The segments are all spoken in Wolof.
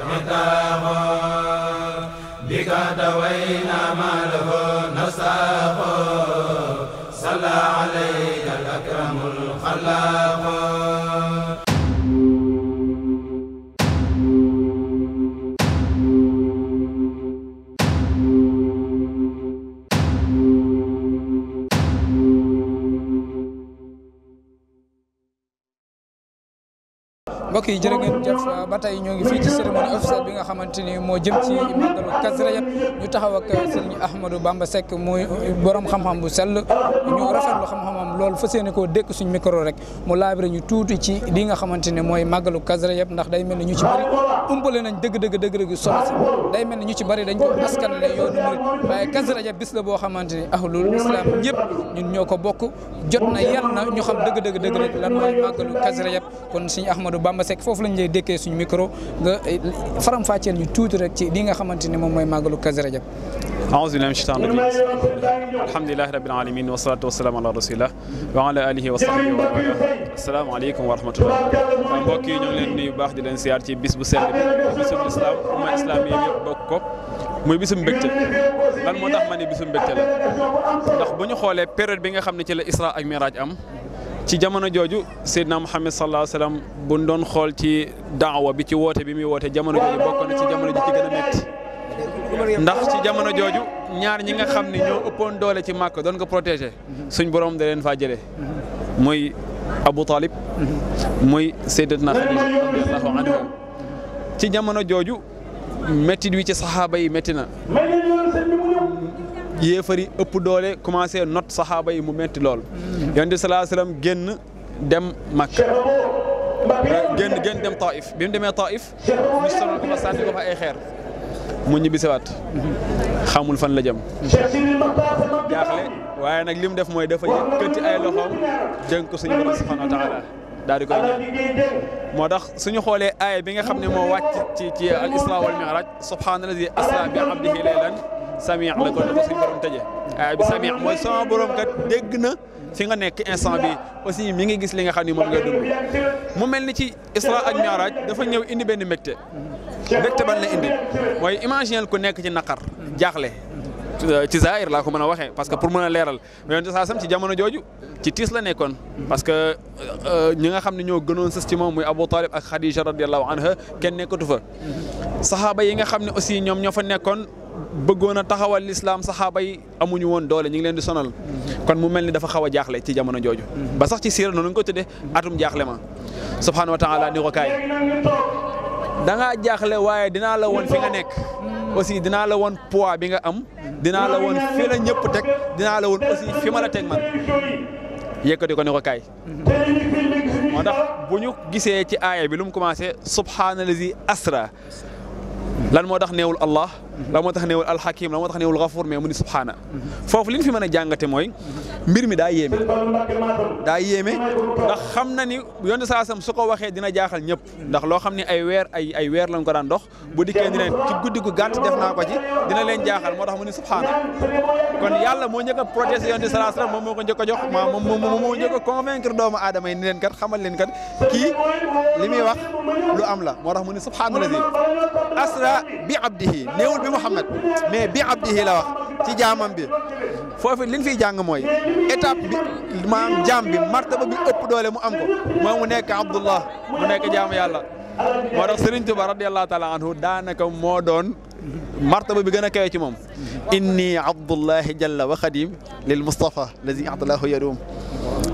ختاما بك دوينا mbokk yi jërë ngeen jëf ñoo ngi bi nga xamante ni moo jëm ci màggalu Kazu Rajab ñu taxaw ak Serigne Ahmadou Bamba Seck muy borom xam-xam bu sell ñu rafetlu xam-xamam loolu fas yéene koo dékk suñ micro rek mu laabire ñu tuuti ci li nga xamante ne mooy màggalu Kazu Rajab ndax day mel na ñu ci bëri nañ dëgg dëgg dëgg dëgg solo si day mel ni ñu ci bëri dañ ko askanale yoonu murit waaye Kazu Rajab bis la boo xamante ni ahlul islam ñëpp ñun ñoo ko bokk jot na yal na ñu xam dëgg dëgg dëgg rek lan mooy kon Serigne Ahmadou Bamba Seck foofu lañ lay dékkee suñu micro nga eh, faram-fàcceel ñu tuuti rek ci li nga xamante ne moom mooy màggalu Kazu Rajab aouzu billahi mina shaytaani rajiim alhamdulillahi rabbil alamin wasalaatu wasalaamu ala rasulillah wa ala alihi wa sahbihi wa asalaamaaleykum wa rahmatullah mbokk yi ñoo ngi leen nuyu baax di leen siyaar ci bis bu sell bi bisu islam umma islam yi yëpp bokk ko muy bisum mbégte lan moo tax ma ne bisum mbégte la ndax bu ñu xoolee période bi nga xam ne ci la isra ak miraaj am ci jamono jooju Seydina Muhammad sallallahu alayhi wa bu doon xool ci daawa bi ci woote bi muy woote jamono jooju bokk na ci jamono ji ci ci jamono jooju ñaar ñi nga xam ne ñoo ëppoon doole ci màkk doon ko protégé suñ borom da leen faa jëlee muy Abu Talib muy Seydatna Xadija radiyallahu anha ci jamono jooju métti wi ci saxaaba yi métti na yéefar ëpp doole commencé not saxaaba yi mu metti lool yonent bi salaa salaam génn dem Makka génn dem Taif bi demee Taif ñu sonal ko fa sànni fa ay xeer mu ñibbisiwaat xamul fan la jëm jaaxle waaye nag li def mooy dafa yëkkati ay loxoom dénk ko suñu borom subhanahu wa taala daal koy moo tax suñu xoolee aaya bi nga xam ne moo wàcc ci ci al isra wal mi'raj subhaanallazi asra bi abdihi laylan samiix la kon dafa suñ borom tëjee ah, samiix mooy sama kat dégg na fi nga nekk instant bi aussi mi ngi gis li nga xam ni moom nga dund mu mel ni ci isra ak mi'raaj dafa ñëw indi benn mbégte mbégte ban la indi mooy imaginer ku nekk ci naqar jaaxle ci zaahir laa ko mën a waxee parce que pour mën a leeral yonent saa sam ci jamono jooju ci tiis la nekkoon parce que euh, ñi nga xam ne ñoo gënoon sës ci moom muy Abu Talib ak Khadija radiyallahu anha kenn nekkatu fa saxaaba yi nga fa bëggoon a taxawal lislaam saxaaba yi amuñu woon doole ñu ngi leen di sonal kon mu mel ni dafa xaw a jaaxle ci jamono jooju ba sax ci siira noonu nga ko tëddee atum jaaxle ma subhaanahu wa taala ni ko kaay da jaaxle waaye dinaa la woon fi nga nekk aussi dinaa la woon poids bi nga am dinaa la woon fi la ñëpp teg dinaa la woon aussi fi ma la teg man yëkkati ko ni ko kaay moo tax bu ñu gisee ci aaya bi lu mu commencé subhaanallazi asra lan moo tax neewul allah lan moo tax neewul alxakim lan moo tax neewul gafuur mais mu ni subhaana foofu li ñu fi mën a jàngate mooy mbir mi daa yéeme daa yéeme ndax xam na ni yonent saasam su ko waxee dina jaaxal ñëpp ndax loo xam ne ay weer ay ay weer lañ ko daan dox bu dikkee ni leen ci guddi gu gàtt def naa ko ci dina leen jaaxal moo tax mu ni subhaana kon yàlla moo njëkk a protéger yonent saasam moom moo ko njëkk a jox ma moom moo njëkk a convaincre doomu aadama yi ni leen kat xamal leen kat kii li muy wax lu am la moo tax mu ni subhaana lazi asra bi abdihi néewul bi muhammad mais bi abdihi la wax ci jaamam bi foofu li ñu fiy jàng mooy étape bi maanaam jaam bi martaba doole mu am ko mooy mu nekk abdullah mu nekk jaamu yàlla moo tax Serigne Touba radiyallahu taala anhu daanaka moo doon martaba bi gën a kawe ci moom inni abdullahi jalla wa xadim lil mustafa lazi atalahu yarum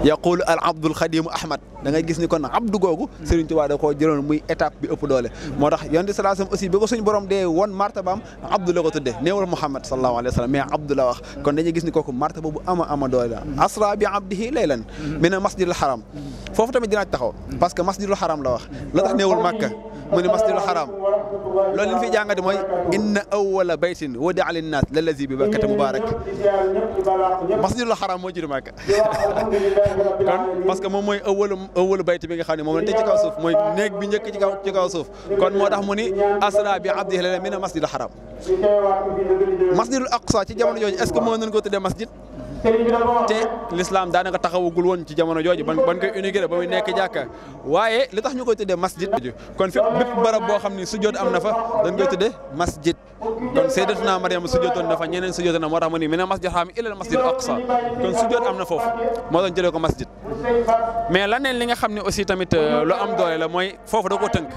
yaqulu al abdul xadimu ahmad da gis ni kon abdu googu Serigne Touba da koo muy étape bi ëpp doole moo tax yonent salaasam aussi bi ko suñ borom dee woon martabaam abdu la ko tuddee Muhammad sallallahu alayhi wa sallam mais abdu la wax kon dañuy gis ni kooku martaba bu ama ama doole la asra bi abdihi laylan mina masjidil haram foofu tamit dinaa taxaw parce que masjidul la wax la tax néewul Makka mu ni masjidul xaraam loolu li ñu fiy jàngate mooy inna awwala baytin wadi'a linnaas lallazi bi bakkata mubaarak masjidul xaraam moo jiitu Màkka kon parce que moom mooy awwalu awwalu bayt bi nga xam ne moom lañ teg ci kaw mooy néeg bi njëkk ci kaw ci kaw suuf kon moo tax mu ni asra bi abdihi laylan mina masjidul xaraam masjidul aqsa ci jamono jooju est-ce que mën nañ masjid te l'islam daanaka taxawagul woon ci jamono jooju ban ban koy inauguré ba muy nekk jàkka waaye li tax ñu koy tuddee masjid kon fi barab boo xam ni sujjoot am na fa dañ koy tuddee masjid kon sayyidatuna Maryam sujjootoon na fa ñeneen sujjootoon na moo tax ma ni mina masjid xaam ilal masjid aqsa kon sujjoot am na foofu moo tax jëlee ko masjid mais laneen li nga xam ne aussi tamit euh, lu am doole la mooy foofu da koo tënk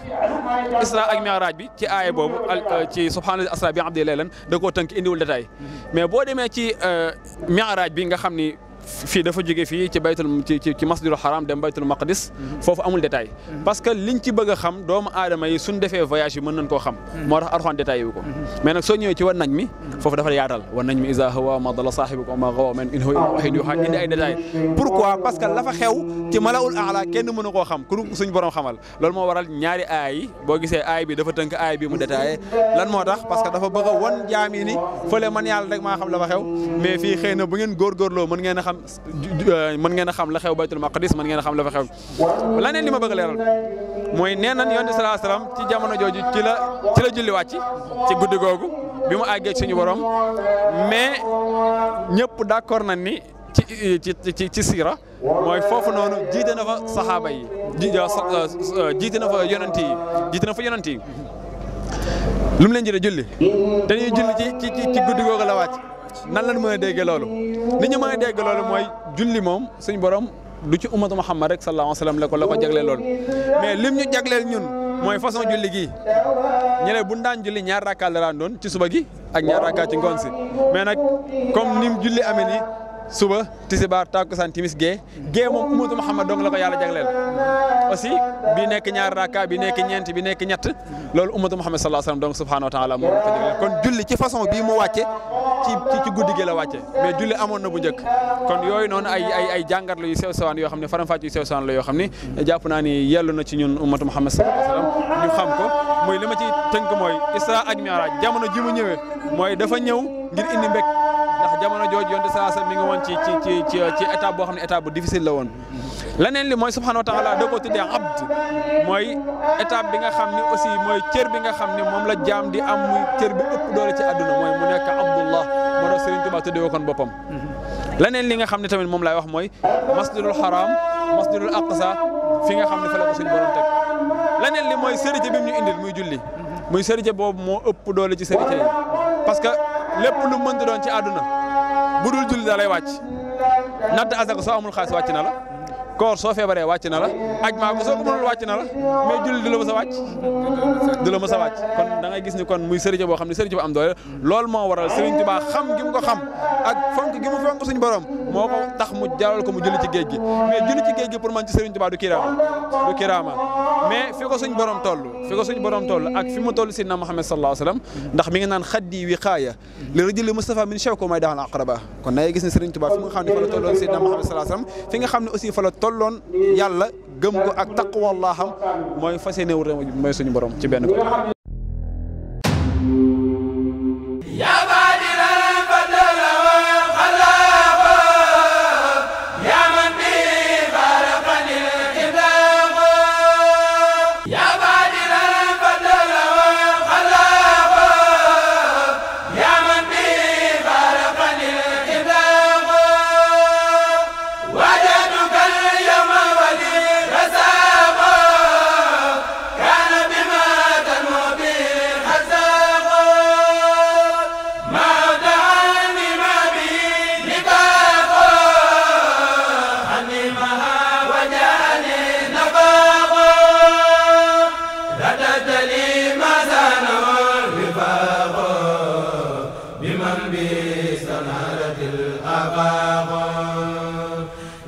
isra ak mi'raj bi ci aaya boobu euh, ci subhaanallahi asra bi abdi laylan da koo tënk indiwul détail mais boo demee ci euh, mi'raj bi nga xam ni fii dafa jóge fii ci baytul ci dem baytul maqdis mhm. foofu amul détail mhm. parce que liñ a xam doomu aadama yi suñ defee voyage mën nañ koo xam mhm. moo tax arxaan détail yu ko mais nag soo ñëwee ci wan nañ mi foofu dafa yaatal wan nañ mi isa hawa ma dala saahibuka ma gawa man in huwa illa wahyun yuha indi ay détail pourquoi parce que la fa xew ci malaul aala kenn mënu koo xam ku suñ borom xamal loolu moo waral ñaari aay boo gisee aay bi dafa tënk aay bi mu détaillé a a Euh, mën ngeen a xam la xew baytul maqdis mën ngeen a xam la fa xew laneen li ma bëgg a leeral mooy nee nañ yonent salaa salaam ci jamono jooju ci la ci la julli wàcc ci guddi googu bi mu àggee suñu borom mais ñëpp d'accord na ni ci ci ci ci siira mooy foofu noonu jiite na fa saxaaba yi euh, euh, jiite na fa yonent yi jiite na fa yonent yi lu mu leen jiite julli dañuy julli ci ci ci guddi googu la wàcc nan lañ mën a déggee loolu ni ñu mën a dégg loolu mooy julli moom suñ borom du ci ummatu Muhammad rek sallallahu alayhi wa sallam la ko la ko jagleel loolu mais lim ñu jagleel ñun mooy façon julli gi ñu ne bu ñu daan julli ñaar rakkaat la daan doon ci suba gi ak ñaar rakkaat ci ngoon si mais nag comme ni julli amee suba tisbaar takkusaan timis gee gee moom umatu Muhammad dong la ko yàlla jagleel aussi bi nekk ñaar rakka bi nekk ñeent bi nekk ñett loolu umatu Muhammad sallallahu alayhi wasallam donc subhanahu wa taala moom la ko kon julli ci façon bii mu wàcce ci ci guddi gi la wàcce mais julli amoon na bu njëkk kon yooyu noonu ay ay jàngat la yu sew yoo xam ne faram-fàcce yu yoo xam ne jàpp naa ni na ci ñun umatu Muhammad sallallahu alayhi wasallam ñu xam ko muy li ma ci tënk mooy Isra ak Mi'raj jamono ji mu ñëwee mooy dafa ñëw ngir indi mbég ndax jamono jooj yonte salaasa mi ngi woon ci ci boo xam ne étape bu difficile la woon leneen li mooy subhanahu wa taala doo ko tuddee abd mooy étape bi nga xam ne aussi mooy cër bi nga xam ne moom la jaam di am muy cër bi ëpp doole ci àdduna mooy mu nekk abdullah moo doon Serigne Touba tuddee woon boppam leneen li nga xam ne tamit moom laay wax mooy masjidul haram masjidul aqsa fi nga xam ne fa la ko suñu borom teg leneen li mooy sërite bi mu ñu indil muy julli muy sërite boobu moo ëpp doole ci sërite lépp lu mënti doon ci aduna bu dul julli da lay wàcc natt asaka soo amul xaalis wàcc na la koor soo feebaree wàcc na la aj maa ko soo ko mënul wàcc na la mais julli du la mës a wàcc du la mës a wàcc kon da ngay gis ni kon muy sëriñ boo xam ne sëriñ bu am doole lool moo waral sëriñ baa xam gi ko xam ak fonk gi mu fonk suñu borom moo ko tax mu jaral ko mu julli ci géej gi mais julli ci géej gi pour man ci Serigne Touba du kiraama du kiraama mais fi ko suñ borom toll fi ko suñ borom toll ak fi mu toll sidna Muhammad sallallahu alayhi ndax mi ngi naan xaddi wi xaaya li rajuli Mustafa min chew ko may daxal aqraba kon da ngay gis ne Serigne Touba fi nga xam ne fa la tolloon sidna Muhammad sallallahu alayhi fi nga xam ne aussi fa la tolloon yàlla gëm ko ak taqwa mooy fas yéene borom ci benn ko بمن بسنارة الأباق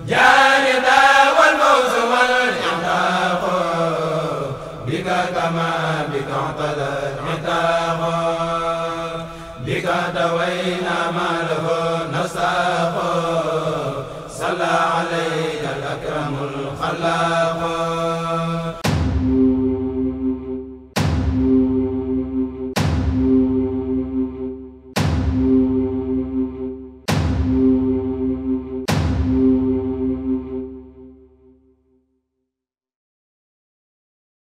جاردا والموز والإعتاق بك كما بك اعتدى العتاق بك دوينا ما له نساق صلى عليك الأكرم الخلاق